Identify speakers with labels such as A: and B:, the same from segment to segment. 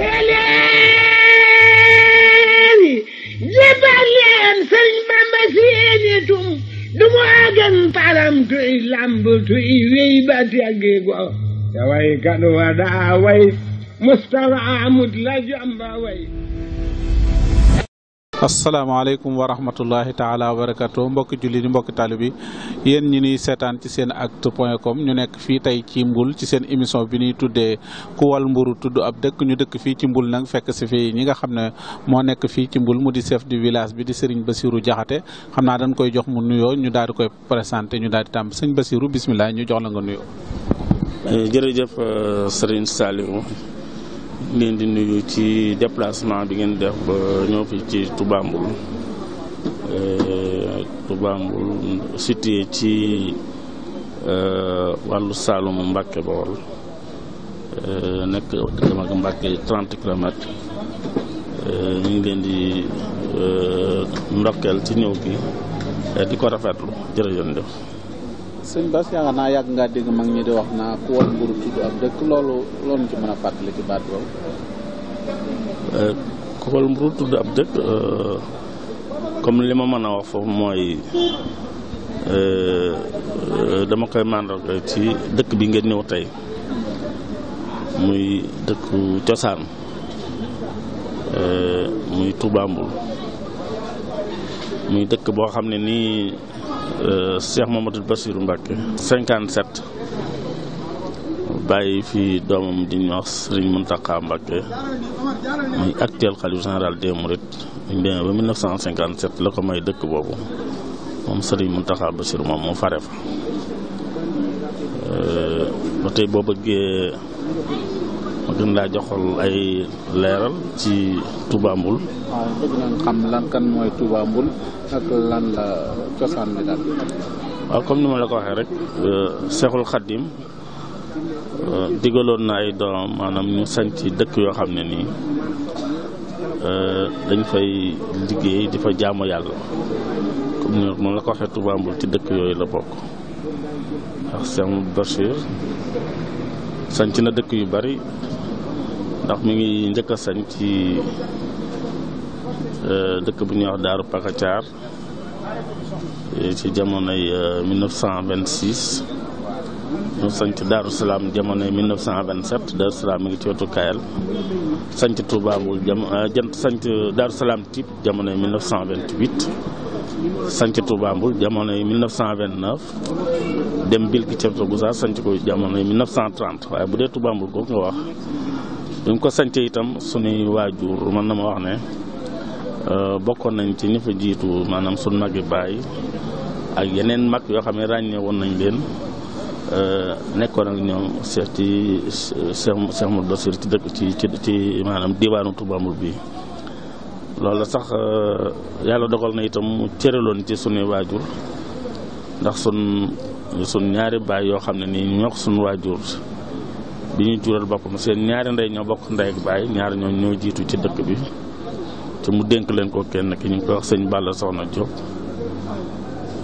A: joxe leen jébbal leen sëñ Bamba seeni tum du mu agan param
B: tuy lamb tuy wey ba teggi ko te way kadu wa
C: daa way Mustafa amut la jamba way
B: asalaamaaleykum wa rahmatullahi taala wa barakatu mbokki julli di mbokki bi yéen ñi ñuy seetaan ci seen acte point com ñu nekk fii tey ci mbul ci seen émission bi ñuy tuddee kuwal wal mburu tudd ab dëkk ñu dëkk fii ci mbul nag fekk si fii ñi nga xam ne moo nekk fii ci mbul mu di chef di village bi di sëriñ Basiru Jaxate xam naa dañ koy jox mu nuyoo ñu daal di koy présenté
C: ñu daal di tàmm sëñ
B: Basiru bisimilah
C: ñu jox la nga nuyoo eh, jërëjëf euh, sëriñ Saliou leen di nuyu ci déplacement bi ngeen def ba ñëw fi ci Touba Mboul euh, Touba Mboul situé ci euh, wàllu Saloum Mbàkke Bawol euh, nekk dama ko Mbàkke trente kilomètres ñu ngi leen di ndokkeel ci ñëw bi di ko rafetlu jërëjëf.
B: sëñ Bass yaakaar naa yàgg ngaa dégg mag ñi di wax naa ku war mburu tudd ab dëkk loolu loolu ci mën a fàttali ci baat boobu.
C: mburu euh, tudd ab dëkk euh, comme li ma mën a wax foofu mooy euh, dama koy màndarga ci dëkk bi ngeen ñëw tey muy dëkku cosaan muy Touba muy dëkk boo xam ne nii. Euh, Cheikh Mamadou Bassirou Mbacke 57 bàyyi fi doomam di ñu wax Serigne Mountakha Mbacke muy actuel xalif général des Mourides ñu demee ba 1957 la ko may dëkk boobu moom Serigne Mountakha Bassirou moom mu fare fa euh, ba boo bëggee ma gën laa joxal ay leeral ci Touba Mboul. waaw comme ni ma la ko waxee rek. Seexul euh, Xaddim euh, digaloon na ay doom maanaam ñu sanc dëkk yoo xam ne nii euh, dañ fay liggéey di fa jaamu yàlla comme ni ma la ko waxee Touba ci dëkk yooyu la bokk ndax Seex Bachir sanc na dëkk yu bari ndax mi ngi njëkk a sañ ci euh, dëkk bu ñuy wax Daaru Pakacaar eh, ci jamonoy 1926 euh, mu sañ ci Daaru Salaam jamonoy 1927 Daaru Salaam mi ngi ci wetu Kayal sañ ci Touba Mboul jam euh, jant sañ ci Daaru Salaam Typ jamonoy 1928. sanc Touba Mboul jamonoy 1929 dem Bilki Cerno Boussa sanc ko jamonoy 1930 waaye bu dee Touba Mboul kooku nga wax bi mu ko sañcee itam sunuy waajur mën na ma wax ne euh, bokkoon nañ ci ñi jiitu maanaam sunu magi baay ak yeneen mag yoo xam ne ràññee woon nañ leen euh, nekkoon ak ñoom seex ci seex seex mu Basiir ci dëkk ci ci maanaam diwaanu Touba bi loolu sax euh, yàlla dogal na itam mu loon ci sunuy waajur ndax sun sun ñaari baay yoo xam ne nii ñoo ko waajur bi ñuy jural boppam seen ñaari ndey ñoo bokk ndey ak baay ñaar ñoo ñoo jiitu ci dëkk bi te mu dénk leen ko kenn ki ñu ko koy wax sëñ Balla Soxna Diop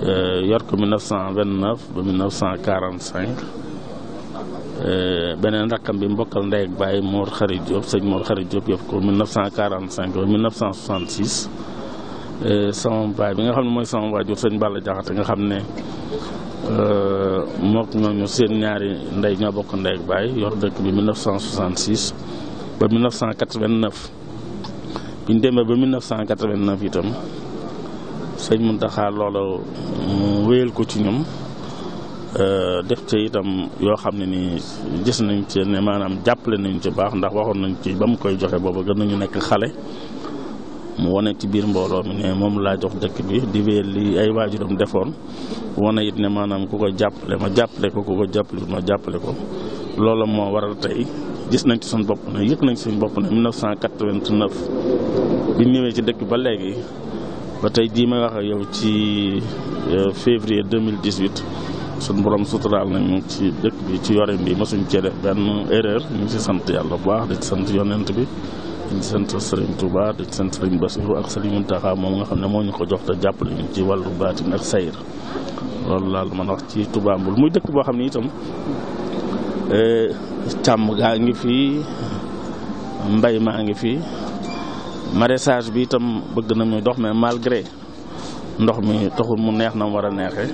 C: euh, yor ko 1929 ba 1945 euh, beneen rakkam bi mbokkal ndey ak baay Mor Xari Diop sëñ Mor Xari Diop yor ko 1945 ba 1966 euh, sama baay bi nga xam ne mooy sama waajur sëñ Balla Jaxate nga xam ne Euh, mook ñooñu seen ñaari ndey ñoo bokk ndey ak baay yor dëkk bi 1966 ba 1989 bi ñu demee ba 1989 itam sëñ Muntaxa loolu mu wéyal ko ci ñoom euh, def ci itam yoo xam ne nii gis nañ ci ne maanaam jàppale nañ ci baax ndax waxoon nañ ci ba mu koy joxe boobu gën nañu nekk xale mu wane ci biir mbooloo mi ne moom laa jox dëkk bi di wéyal li ay waajuram defoon wane it ne maanaam ku ko jàppale ma jàppale ko ku ko jàppale ma jàppale ko loolu moo waral tey gis nañ ci suñ bopp ne yëg nañ suñ bopp ne 1989 bi ñëwee ci dëkk ba léegi ba tey jii may wax yow ci euh, février 2018 suñ borom nañ nañu ci dëkk bi ci yore bi ma suñ def benn erreur ñu ngi sant yàlla bu baax di sant yonent bi di sant Serigne Touba di sant Serigne Bassirou ak Serigne Mountakha moom nga xam ne moo ñu ko jox te jàppale ñu ci wàllu baatin ak sayir loolu laal man wax ci Touba Mboul muy dëkk boo xam ne itam eh, gaa ngi fi mbay maa ngi fi maraîchage bi itam bëgg nañu dox ma malgré ndox mi taxul mu neex na mu war a neexee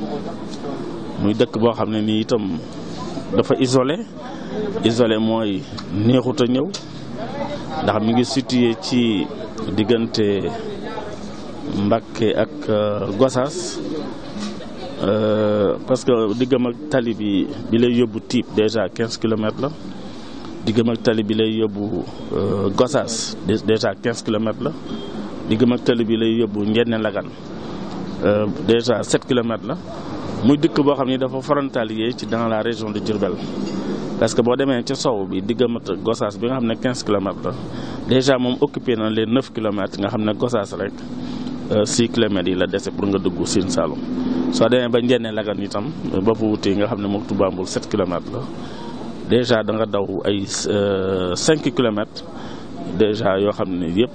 C: muy dëkk boo xam ne nii itam dafa isolé isolé mooy neexut a ñëw. ndax mi ngi situé ci diggante Mbàkke ak euh, Gosaas euh, parce que diggam ak tali bi lay yóbbu Tiib déjà quinze kilomètres la diggam ak tali bi lay yóbbu euh, Gosaas déjà quinze kilomètres la diggam ak tali bi lay yóbbu Njenne Lagan déjà sept kilomètres la muy dëkk boo xam ni dafa frontalier ci dans la région de Diourbel parce que boo demee ci sow bi diggante Gossas bi nga xam ne 15 kilomètres la déjà moom occupé na les 9 kilomètres nga xam ne Gossas rek 6 euh, kilomètres yi la dese pour nga dugg Sine Saloum soo demee ba Njenne Lagan itam ba wuute yi nga xam ne moo Touba Mboul 7 kilomètres la déjà da nga daw ay euh, cinq kilomètres. dèjà yoo xam ne yëpp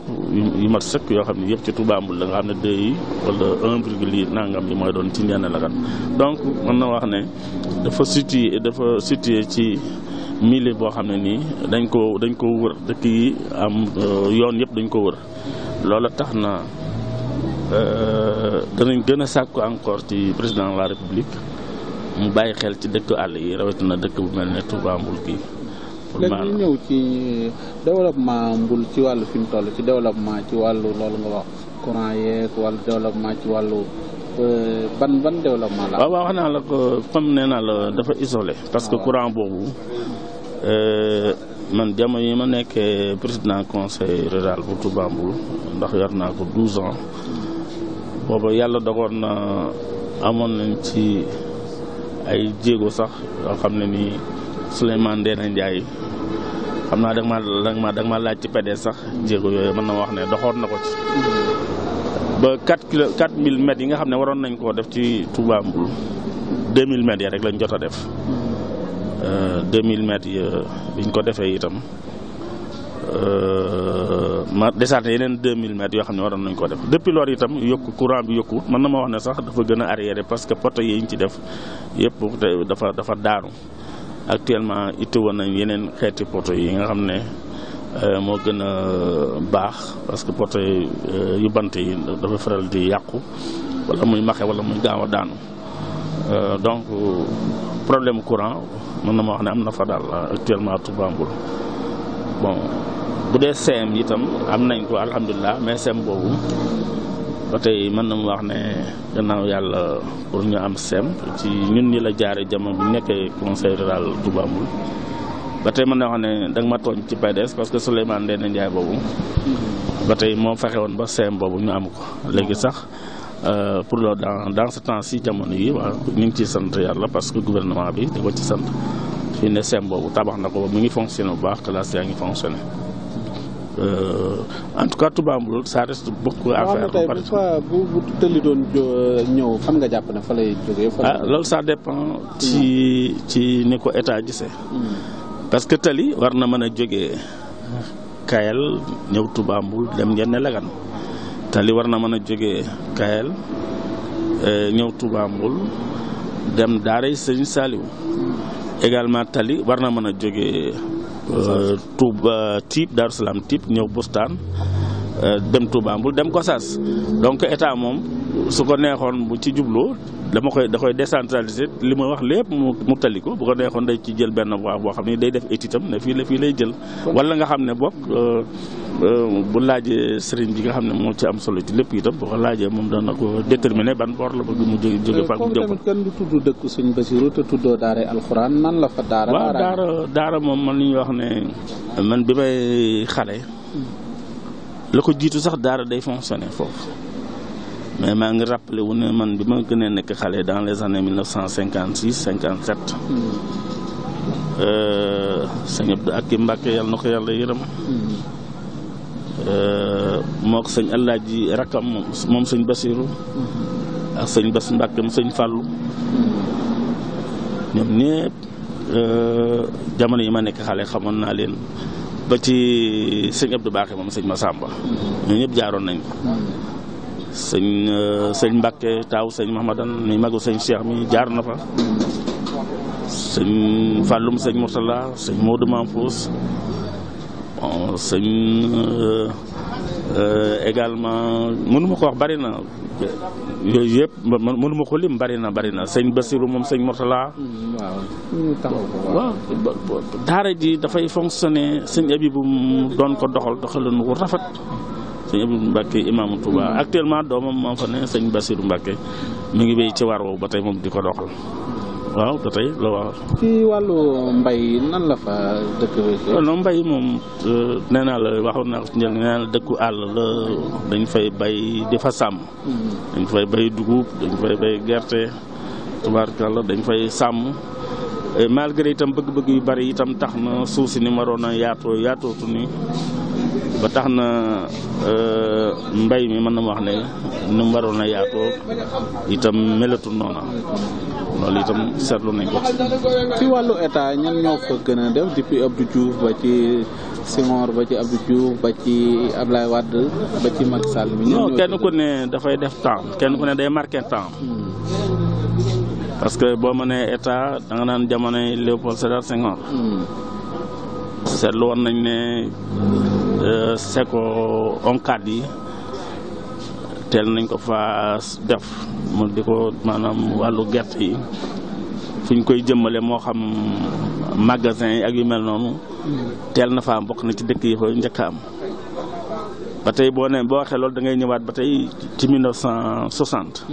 C: yu mat sëkk yoo xam ne yëpp ci Touba Mboul la nga xam ne deux yi wala un virgule yi nangam yi mooy doon ci Ndiéné Lagat donc mën na wax ne dafa situé dafa situé ci milieu boo xam ne nii dañ ko dañ ko wër dëkk yi am euh, yoon yëpp dañ ko wër loola tax na euh, danañ gën a sàkku encore ci président de la république mu bàyyi xel ci dëkk àll yi rawatina dëkk bu mel ne Touba Mboul léegi ñëw
B: ci développement mbul ci wàllu fi mu toll ci développement ci wàllu loolu nga wax courant yeeg wàllu développement ci wàllu euh, ban ban développement
C: waaw wax naa la ko comme nee naa la dafa isolé. parce que ah. courant boobu euh, man jamono yi ma nekkee président conseil rural bu Touba ndax yor naa ko 12 ans booba yàlla dogoon na amoon nañ ci ay jéego sax yoo xam ne nii. Souleymane Ndéné Ndiaye xam naa da nga ma da ma laaj ci PDS sax jéego yooyu mën na wax ne doxoon na ko ci ba 4 kilo 4000 mètres yi nga xam ne waroon nañ koo def ci Touba Mboul 2000 mètres yi rek lañ jot a def 2000 euh, mètres yi biñ ko defee itam euh, ma desaat na yeneen 2000 mètres yoo xam ne waroon nañ koo def depuis loolu itam yokku courant bi yokku mën na ma wax ne sax dafa gën a arriéré parce que poto yi ñu ci def yëpp dafa dafa daanu. actuellement itti woon nañ yeneen xeeti poto yi nga xam ne euh, moo gën a baax parce que poto euh, yu bant yi dafa faral di yàqu wala muy maxe wala muy gaaw a daanu euh, donc problème courant mën na moo wax ne am na fa daal actuellement Touba Mboul bon bu dee CM itam am nañ ko alhamdulilah mais CM boobu ba tey mën na mu wax ne gannaaw yàlla pour ñu am sem ci ñun ñi la jaare jamono bi nekkee conseil rural Touba ba tey mën na wax ne danga ma tooñ ci PDS parce que Souleymane Ndéné Ndiaye boobu ba tey moo fexe woon ba sem boobu ñu am ko léegi sax Euh, pour loolu dans dans ce temps ci jamono yi waaw ñu ngi ciy sant yàlla parce que gouvernement bi di ko ci sant fii ne sem boobu tabax na ko ba mu ngi fonctionné bu baax classe yaa ngi fonctionné Euh, en tout cas Touba Mboul ça reste beaucoup à faire. waaw
B: tey bu tëlli doon ñëw fan nga jàpp na fa lay jógee. ah
C: loolu ça dépend ci hmm. ci ni ko état gisee. Hmm. parce que tali war na mën a jóge Kayel ñëw Touba Mboul dem Ndiéné Lagane tali war na mën a jógee Kayel ñëw Touba Mboul dem Daaray Serigne Saliou également tali war na mën a jóge euh, Euh, Touba Typ Darou Salaam Typ ñëw Boustaan euh, dem Touba Mboul dem Gossas donc état moom su ko neexoon bu ci jublu dama koy da décentralisé li ma wax lépp mu mu tali ko bu ko neexoon day ci jël benn voie boo xam ne day def étude am ne fii la fii lay jël. wala nga xam ne boog euh, euh, bu laajee sëriñ bi nga xam ne moo ci am solo ci lépp itam boo ko laajee moom dana ko déterminer ban boor la bëgg mu euh, jóge jóge fàq. jëm tamit
B: kenn du tudd dëkk suñ Basiru te tuddoo daara alxuraan man la fa. daara daara
C: daara moom man li ñuy wax ne bi may xale. Hmm. la ko jiitu sax daara day fonctionner foofu. mais maa ngi rappelé wu ne man bi ma gënee nekk xale dans les années mille neuf cent cinquante six cinquante sept. Euh, sëñ Abdou ak i Mbàkke yàlla na ko yàlla yërëm. Euh, sëñ Alaaji rakkam moom sëñ Basiru ak sëñ Bas Mbàkke mu sëñ Fàllu ñoom euh, jamono yi ma nekk xale xamoon naa leen ba ci sëñ Abdou Baaxe moom sëñ Masamba ñoo ñëpp jaaroon nañ ko sëñ euh, sëñ Mbàkke taaw sëñ Mahamadan mi magu sëñ Cheikh mi jaar na fa sëñ Fàllum sëñ Murtala sëñ Moodu Manfous bon euh, euh, également mënuma ko wax bari na yooyu yëpp mënuma ko lim bari na bari na sëñ Basiru moom sëñ Murtala waaw daara ji dafay fonctionner sëñ Abibu mu doon ko doxal doxalin wu rafet sëñ Abdou Mbacke imaamu Touba mm-hmm. actuellement doomam moo fa ne sëñ Bassirou Mbacke mi ngi bay ci waar woowu ba tey moom di ko doxal waaw ba tey la wàllu mbay nan la fa moom euh, nee naa la waxoon naa dëkku àll dañ fay bay di fa sàmm. Mm-hmm. dañ fay bay dugub dañ fay bay gerte tubaarkàlla dañ fay sàmm. malgré itam bëgg-bëgg yu bari itam tax na suuf si ni ma waroon a yaatootu ni ba tax na euh, mbay mi mën na ma wax ne ni mu waroon a yaatoo itam melatu noona loolu itam seetlu nañ ko ci wàllu état ñan ñoo fa gën def depuis Abdou ba ci
B: Senghor ba ci Abdou ba ci Ablaye wàdd ba ci Macky Sall mi kenn ku
C: ne dafay def temps kenn ku ne day marqué temps hmm. parce que boo mënee état da nga naan jamonoy Léopold Sédar Senghor hmm. seetlu woon nañ ne Euh, seko ONCAD yi teel nañ ko fa def mu di ko maanaam wàllu gerte yi fi ñu koy jëmmale moo xam magasin yi ak yu mel noonu teel na fa mbokk na ci dëkk yi fa njëkk am ba tey boo ne boo waxee loolu da ngay ñëwaat ba tey ci 1960.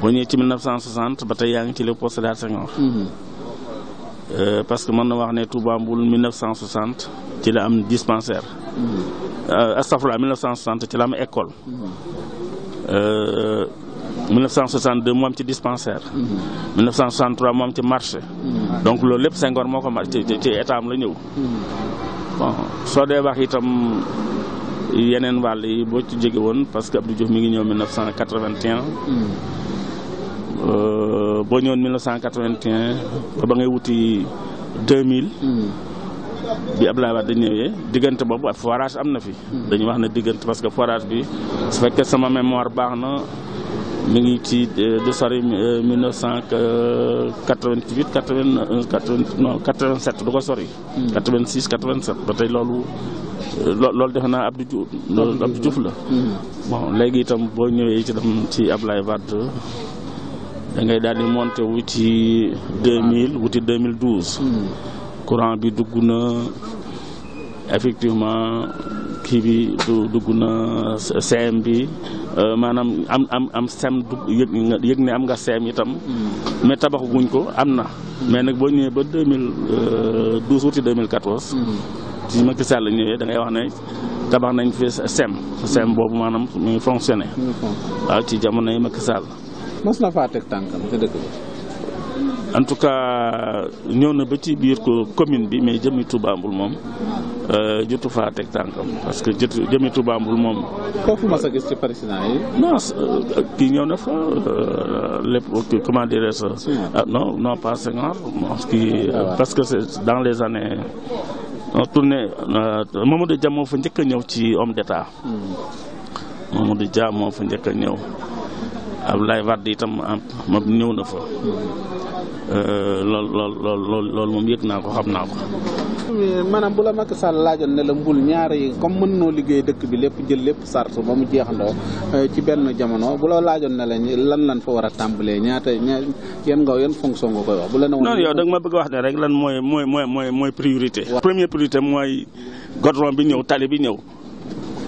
C: boo ñëwee ci 1960 ba tey yaa ngi ci Léopold Sédar Senghor. Mm-hmm. Euh, parce que mën na wax ne Touba Mboul 1960. ci la am dispensaire. Euh, astafurlah 1960 ci la am école. 1962 euh, mu am ci dispensaire. 1963 mu am ci marché. donc loolu lépp Senghor moo ko ci ci état am la ñëw. soo dee wax itam yeneen wàll yi boo ci jege woon parce que Abdou Diouf mi ngi ñëw 1981. Euh, boo ñëwoon 1981 ba ba ngay wuti 2000. bi Abdoulaye dañ ñëwee diggante boobu ak forage am na fi. dañu wax ne diggante parce que forage bi su fekkee sama mémoire baax na mu ngi ci euh, du sori 1988 81 87 du ko sori. 86 hmm. 87 ba tey loolu loolu defe naa ab Diouf Abdou Diouf la. Hmm. bon léegi itam boo ñëwee ci dem ci Abdoulaye Wade. da ngay daal di monté wu ci 2000 wuti 2012. courant bi dugg na effectivement kii bi dugg na CM bi euh, maanaam am am am sem dugg yëg yëg ne am nga sem itam mm. mais tabaxu guñ ko am na mais nag boo ñëwee ba 2012 wuti 2014 ci Macky Sall la ñëwee da wax ne tabax nañ fi sem sem mm. boobu maanaam mu ngi fonctionné waaw ci jamono Macky Sall mos en tout cas ñëw na ba ci biir ko commune bi mais jëmi Touba moom euh, jotu faa teg tànkam parce que jëtu jëmi Touba Mboul moom. kooku ma euh, ñëw na fa euh, lépp comment dirais je ah, non non pas Senghor kii ah, parce que c'est dans les années. tourné Mamadou fa njëkk a ñëw ci homme d'état
A: hmm.
C: Mamadou Dia moo fa njëkk a ñëw Abdoulaye Wade itam ah, moom ñëw na fa hmm. Euh, lool lool lool loolu moom yëg naa ko xam naa ko.
B: maanaam bu la Macky Sall laajoon ne la mbul ñaar yi comme mën noo liggéey dëkk bi lépp jël lépp sart ba mu jeexandoo euh, ci benn jamono bu la laajoon ne la lan lan fa war a tàmbalee ñaata yan ngaw yan fonction nga koy wax. bu la ne woon non yow da nga
C: ma bëgg wax ne rek lan mooy mooy mooy mooy priorité. première priorité mooy goudron bi ñëw tali bi ñëw.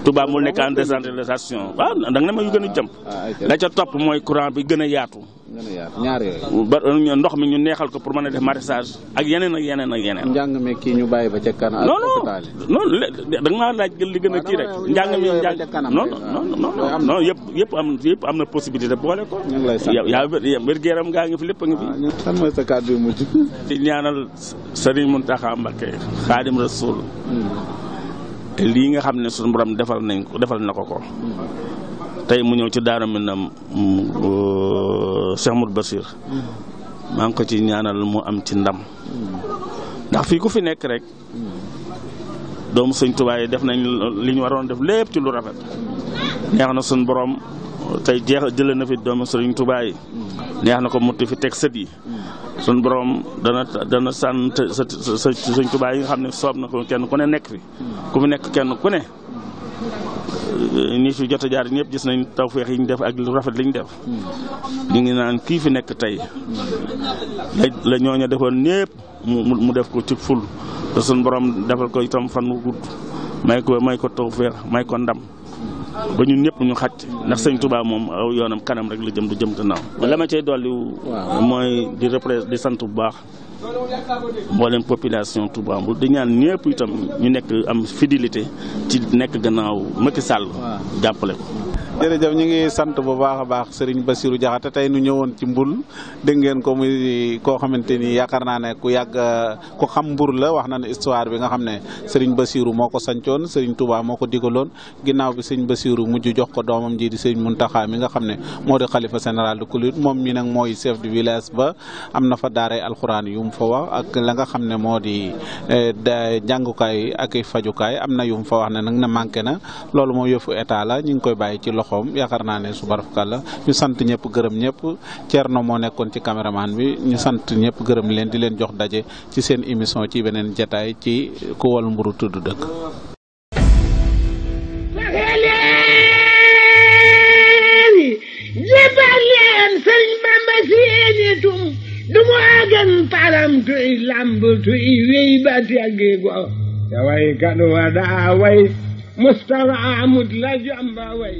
C: tubaab mu nekk en décentralisation waaw da nga ne ma yu gën a jëm. Ah, la ca topp mooy courant bi gën a yaatu. ñaar yooyu. ba ndox mi ñu neexal ko pour mën a def maraîchage ak yeneen ak yeneen ak yeneen.
B: njàng mi kii ñu bàyyi ba ca
C: kanam. non non non da laaj li gën a kii rek. njàng mi njàng non non non yëpp am yëpp am na possibilité boole ko. ñu ngi lay sant yaa wér-gu-yaram gaa ngi fi lépp a ngi fi.
B: lan mooy sa kàddu yu mujj.
C: di ñaanal Serigne Mountakha hmm. nga xam ne su borom defal nañ ko defal na ko ko. Hmm. tey mu ñëw ci daara mi nam Cheikh Moud Basir maa ngi ko ci ñaanal mu am ci ndam ndax fii ku fi nekk rek doomu sëñ Tuubaa def nañ li ñu waroon def lépp ci lu rafet neex na suñ boroom tey jeex jëlee na fi doomu sëriñ Tuubaa neex na ko mutti fi teg sët yi suñ borom dana dana sant sa sa sëñ Tuubaa yi nga xam ne soob na ko kenn ku ne nekk fi ku fi nekk kenn ku ne ni su jot a jaar ñëpp gis nañ tawféex yi ñu def ak lu rafet li ñu def ñu ngi naan kii fi nekk tey la la ñooñu defoon ñëpp mu mu def ko ci ful te suñ borom defal ko itam fan wu gudd may ko may ko tawféex may ko ndam ba ñun ñëpp ñu xàcc ndax sëñ Touba moom aw yoonam kanam rek la jëm du jëm gannaaw la ma cay dolli mooy di repré di sant bu baax mboolem population Touba Mboul di ñaan ñëpp itam ñu nekk am fidélité ci nekk gannaaw Macky sàll jàppale
B: ko jërëjëf ñu ngi sant bu baax a baax Serigne Bassirou Diakhaté tey nu ñëwoon ci mbul dégg ngeen ko muy koo xamante ni yaakaar naa ne ku yàgg ku xam mbur la wax na ne histoire bi nga xam ne Serigne Bassirou moo ko sancoon Serigne Touba moo ko digaloon ginnaaw bi Serigne Bassirou mujj jox ko doomam ji di mun Mountakha mi nga xam ne moo di xalifa général de Koulit moom mi nag mooy chef de village ba am fa wax ak la nga xam ne moo di eh, jàngukaay ak fajukaay am na yum fa wax ne nag na manqué na loolu moo yëfu état la ñu ngi koy bàyyi ci loxoom yaakaar naa ne subarafkal la ñu sant ñëpp gërëm ñëpp Thierno moo nekkoon ci caméraman bi ñu sant ñëpp gërëm leen di leen jox daje ci seen émission ci beneen jataay ci ku wal mburu tudd dëkk du mu eegen paramtuy lambutuy wey bati agge go te way ka ɗum waɗa way mustawa amut la jamba way